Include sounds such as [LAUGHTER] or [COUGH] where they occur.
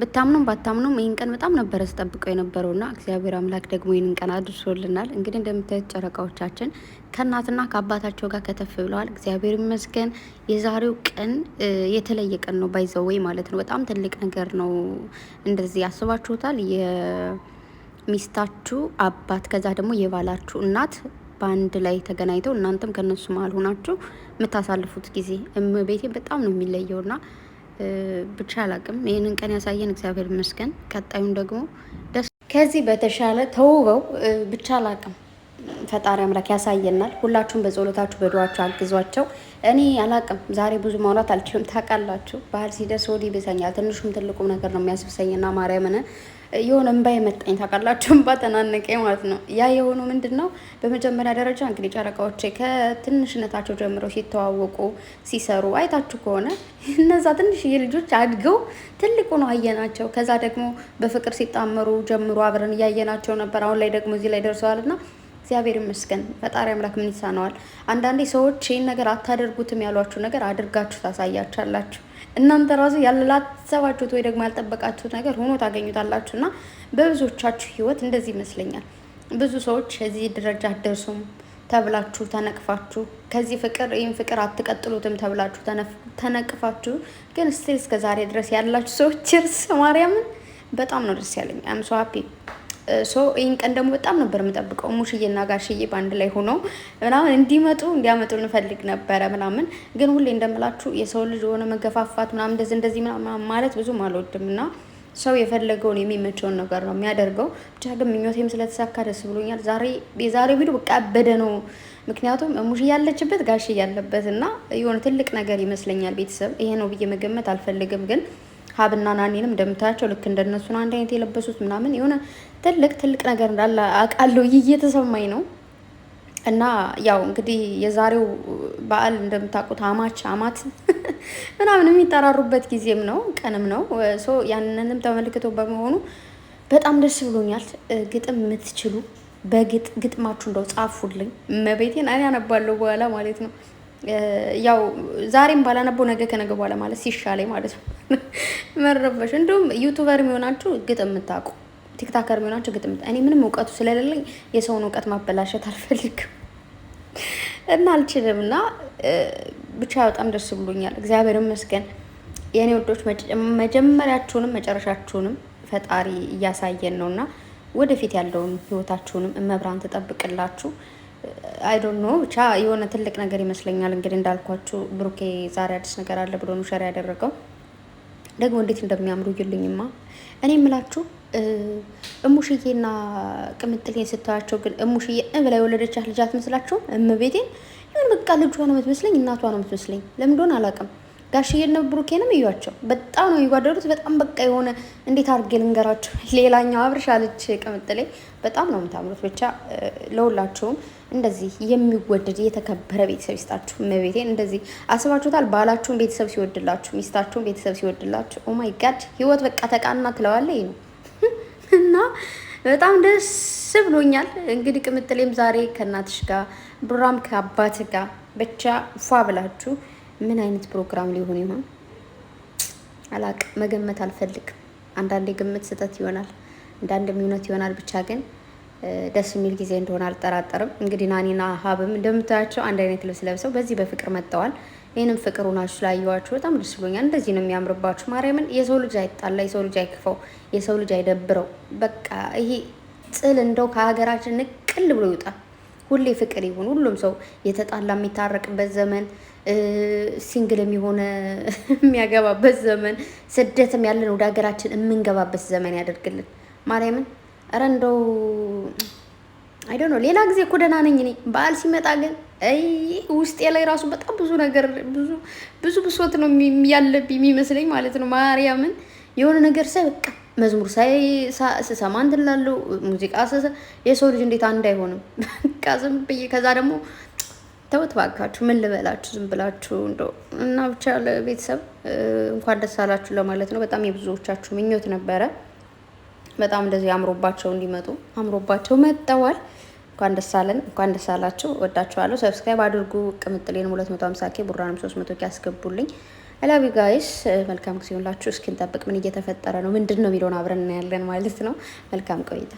ብታምኑም ባታምኑም ይህን ቀን በጣም ነበረ ስጠብቀው ና እግዚአብሔር አምላክ ደግሞ ይህንን ቀን አድርሶልናል። እንግዲህ እንደምታዩት ጨረቃዎቻችን ከእናትና ከአባታቸው ጋር ከተፍ ብለዋል። እግዚአብሔር ይመስገን። የዛሬው ቀን የተለየ ቀን ነው፣ ባይዘው ወይ ማለት ነው። በጣም ትልቅ ነገር ነው። እንደዚህ ያስባችሁታል የሚስታችሁ አባት ከዛ ደግሞ የባላችሁ እናት በአንድ ላይ ተገናኝተው እናንተም ከነሱ መሀል ሆናችሁ የምታሳልፉት ጊዜ ቤቴ በጣም ነው የሚለየውና ብቻ አላቅም። ይህንን ቀን ያሳየን እግዚአብሔር ይመስገን። ቀጣዩም ደግሞ ደስ ከዚህ በተሻለ ተውበው ብቻ አላቅም ፈጣሪ አምላክ ያሳየናል። ሁላችሁም በጸሎታችሁ በዱዋችሁ አግዟቸው። እኔ አላቅም ዛሬ ብዙ ማውራት አልችልም። ታውቃላችሁ፣ ባህል ሲደርስ ወዲህ ብሰኛል። ትንሹም ትልቁም ነገር ነው የሚያስብሰኝና ማርያምን የሆነ እምባ የመጣኝ ታውቃላችሁ፣ እንባ ተናነቀኝ ማለት ነው። ያ የሆኑ ምንድን ነው በመጀመሪያ ደረጃ እንግዲህ ጨረቃዎች ከትንሽነታቸው ጀምረው ሲተዋወቁ ሲሰሩ አይታችሁ ከሆነ እነዛ ትንሽዬ ልጆች አድገው ትልቁ ነው አየናቸው። ከዛ ደግሞ በፍቅር ሲጣመሩ ጀምሮ አብረን እያየናቸው ነበር። አሁን ላይ ደግሞ እዚህ ላይ ደርሰዋል እና እግዚአብሔር ይመስገን። ፈጣሪ አምላክ ምን ይሳነዋል? አንዳንዴ ሰዎች ይህን ነገር አታደርጉትም ያሏችሁ ነገር አድርጋችሁ ታሳያችኋላችሁ። እናንተ ራሱ ያላሰባችሁት ወይ ደግሞ ያልጠበቃችሁት ነገር ሆኖ ታገኙታላችሁ። እና በብዙዎቻችሁ ህይወት እንደዚህ ይመስለኛል። ብዙ ሰዎች እዚህ ደረጃ አትደርሱም ተብላችሁ ተነቅፋችሁ ከዚህ ፍቅር ይህን ፍቅር አትቀጥሉትም ተብላችሁ ተነቅፋችሁ ግን እስቲል እስከ ዛሬ ድረስ ያላችሁ ሰዎች እርስ ማርያምን በጣም ነው ደስ ያለኝ። አም ሶ ሀፒ ሶ ይህን ቀን ደግሞ በጣም ነበር የምጠብቀው። ሙሽዬና ጋሽዬ በአንድ ላይ ሆኖ ምናምን እንዲመጡ እንዲያመጡ እንፈልግ ነበረ ምናምን። ግን ሁሌ እንደምላችሁ የሰው ልጅ የሆነ መገፋፋት ምናምን እንደዚህ እንደዚህ ምናምን ማለት ብዙም አልወድም እና ሰው የፈለገውን የሚመቸውን ነገር ነው የሚያደርገው። ብቻ ግን ምኞቴም ስለተሳካ ደስ ብሎኛል። ዛሬ የዛሬ ቪዲዮ በቃ ያበደ ነው። ምክንያቱም ሙሽ ያለችበት ጋሽ ያለበት እና የሆነ ትልቅ ነገር ይመስለኛል። ቤተሰብ ይሄ ነው ብዬ መገመት አልፈልግም። ግን ሀብና ናኔንም እንደምታያቸው ልክ እንደነሱን አንድ አይነት የለበሱት ምናምን የሆነ ትልቅ ትልቅ ነገር እንዳለ አውቃለሁ እየተሰማኝ ነው። እና ያው እንግዲህ የዛሬው በዓል እንደምታውቁት አማች አማት [LAUGHS] ምናምን የሚጠራሩበት ጊዜም ነው ቀንም ነው። ሶ ያንንም ተመልክቶ በመሆኑ በጣም ደስ ብሎኛል። ግጥም የምትችሉ በግጥ ግጥማችሁ እንደው ጻፉልኝ። መቤቴን እኔ አነባለሁ በኋላ ማለት ነው። ያው ዛሬም ባላነበው ነገ ከነገ በኋላ ማለት ሲሻለኝ ማለት ነው። [LAUGHS] መረበሽ እንዲሁም ዩቱበር የሚሆናችሁ ግጥም የምታውቁ ቲክታከር የሚሆናቸው ግጥም እኔ ምንም እውቀቱ ስለሌለኝ የሰውን እውቀት ማበላሸት አልፈልግም እና አልችልም እና ብቻ በጣም ደስ ብሎኛል። እግዚአብሔር ይመስገን። የእኔ ወዶች መጀመሪያችሁንም መጨረሻችሁንም ፈጣሪ እያሳየን ነው እና ወደፊት ያለውን ህይወታችሁንም እመብራን ትጠብቅላችሁ። አይዶን ኖ ብቻ የሆነ ትልቅ ነገር ይመስለኛል። እንግዲህ እንዳልኳችሁ ብሩኬ ዛሬ አዲስ ነገር አለ ብሎ ነው ሸር ያደረገው። ደግሞ እንዴት እንደሚያምሩ ይልኝማ እኔ የምላችሁ እሙሽዬና ቅምጥሌን ስታያቸው ግን እሙሽዬ እብላ የወለደቻት ልጅ አትመስላችሁም? እምቤቴን ይሁን በቃ ልጇ ነው የምትመስለኝ፣ እናቷ ነው የምትመስለኝ። ለምን እንደሆነ አላውቅም። ጋሽዬና ብሩኬንም እዩዋቸው፣ በጣም ነው የሚጓደሉት። በጣም በቃ የሆነ እንዴት አድርጌ ልንገራቸው። [LAUGHS] ሌላኛው አብርሻ ልጅ ቅምጥሌ፣ በጣም ነው የምታምሩት። ብቻ ለሁላችሁም እንደዚህ የሚወደድ የተከበረ ቤተሰብ ይስጣችሁ። እመቤቴን እንደዚህ አስባችሁታል? ባላችሁን ቤተሰብ ሲወድላችሁ፣ ሚስታችሁን ቤተሰብ ሲወድላችሁ፣ ኦማይ ጋድ ህይወት በቃ ተቃና ትለዋለ ነው እና በጣም ደስ ብሎኛል። እንግዲህ ቅምጥሌም ዛሬ ከእናትሽ ጋር ብሩራም ከአባት ጋር ብቻ ፏ ብላችሁ ምን አይነት ፕሮግራም ሊሆን ይሆን አላቅ መገመት አልፈልግም። አንዳንዴ ግምት ስህተት ይሆናል፣ አንዳንድም እውነት ይሆናል። ብቻ ግን ደስ የሚል ጊዜ እንደሆነ አልጠራጠርም። እንግዲህ ናኒና ሀብም እንደምታያቸው አንድ አይነት ልብስ ለብሰው በዚህ በፍቅር መጥተዋል። ይህንም ፍቅር ሆናችሁ ስላየኋችሁ በጣም ደስ ብሎኛል። እንደዚህ ነው የሚያምርባችሁ። ማርያምን የሰው ልጅ አይጣላ፣ የሰው ልጅ አይክፈው፣ የሰው ልጅ አይደብረው። በቃ ይሄ ጥል እንደው ከሀገራችን ንቅል ብሎ ይውጣ። ሁሌ ፍቅር ይሁን። ሁሉም ሰው የተጣላ የሚታረቅበት ዘመን፣ ሲንግልም የሆነ የሚያገባበት ዘመን፣ ስደትም ያለን ወደ ሀገራችን የምንገባበት ዘመን ያደርግልን። ማርያምን ረ እንደው አይደ ነው። ሌላ ጊዜ እኮ ደህና ነኝ እኔ። በዓል ሲመጣ ግን አይ ውስጤ ላይ ራሱ በጣም ብዙ ነገር ብዙ ብዙ ብሶት ነው ያለብኝ የሚመስለኝ ማለት ነው። ማርያምን የሆነ ነገር ሳይ በቃ መዝሙር ሳይ ስሰማ እንትን እላለሁ። ሙዚቃ የሰው ልጅ እንዴት አንድ አይሆንም? በቃ ዝም ብዬ ከዛ ደግሞ ተውት ባካችሁ፣ ምን ልበላችሁ፣ ዝም ብላችሁ እንደ እና ብቻ ለቤተሰብ እንኳን ደስ አላችሁ ለማለት ነው። በጣም የብዙዎቻችሁ ምኞት ነበረ። በጣም እንደዚህ አምሮባቸው እንዲመጡ አምሮባቸው መጠዋል። እንኳን ደስ አለን፣ እንኳን ደስ አላችሁ። ወዳችኋለሁ። ሰብስክራይብ አድርጉ። ቅምጥሌን 250 ኬ ቡራንም 300 ኬ ያስገቡልኝ። አላቢ ጋይስ መልካም ጊዜ ሆንላችሁ። እስኪንጠብቅ ምን እየተፈጠረ ነው ምንድን ነው የሚለውን አብረን እናያለን ማለት ነው። መልካም ቆይታ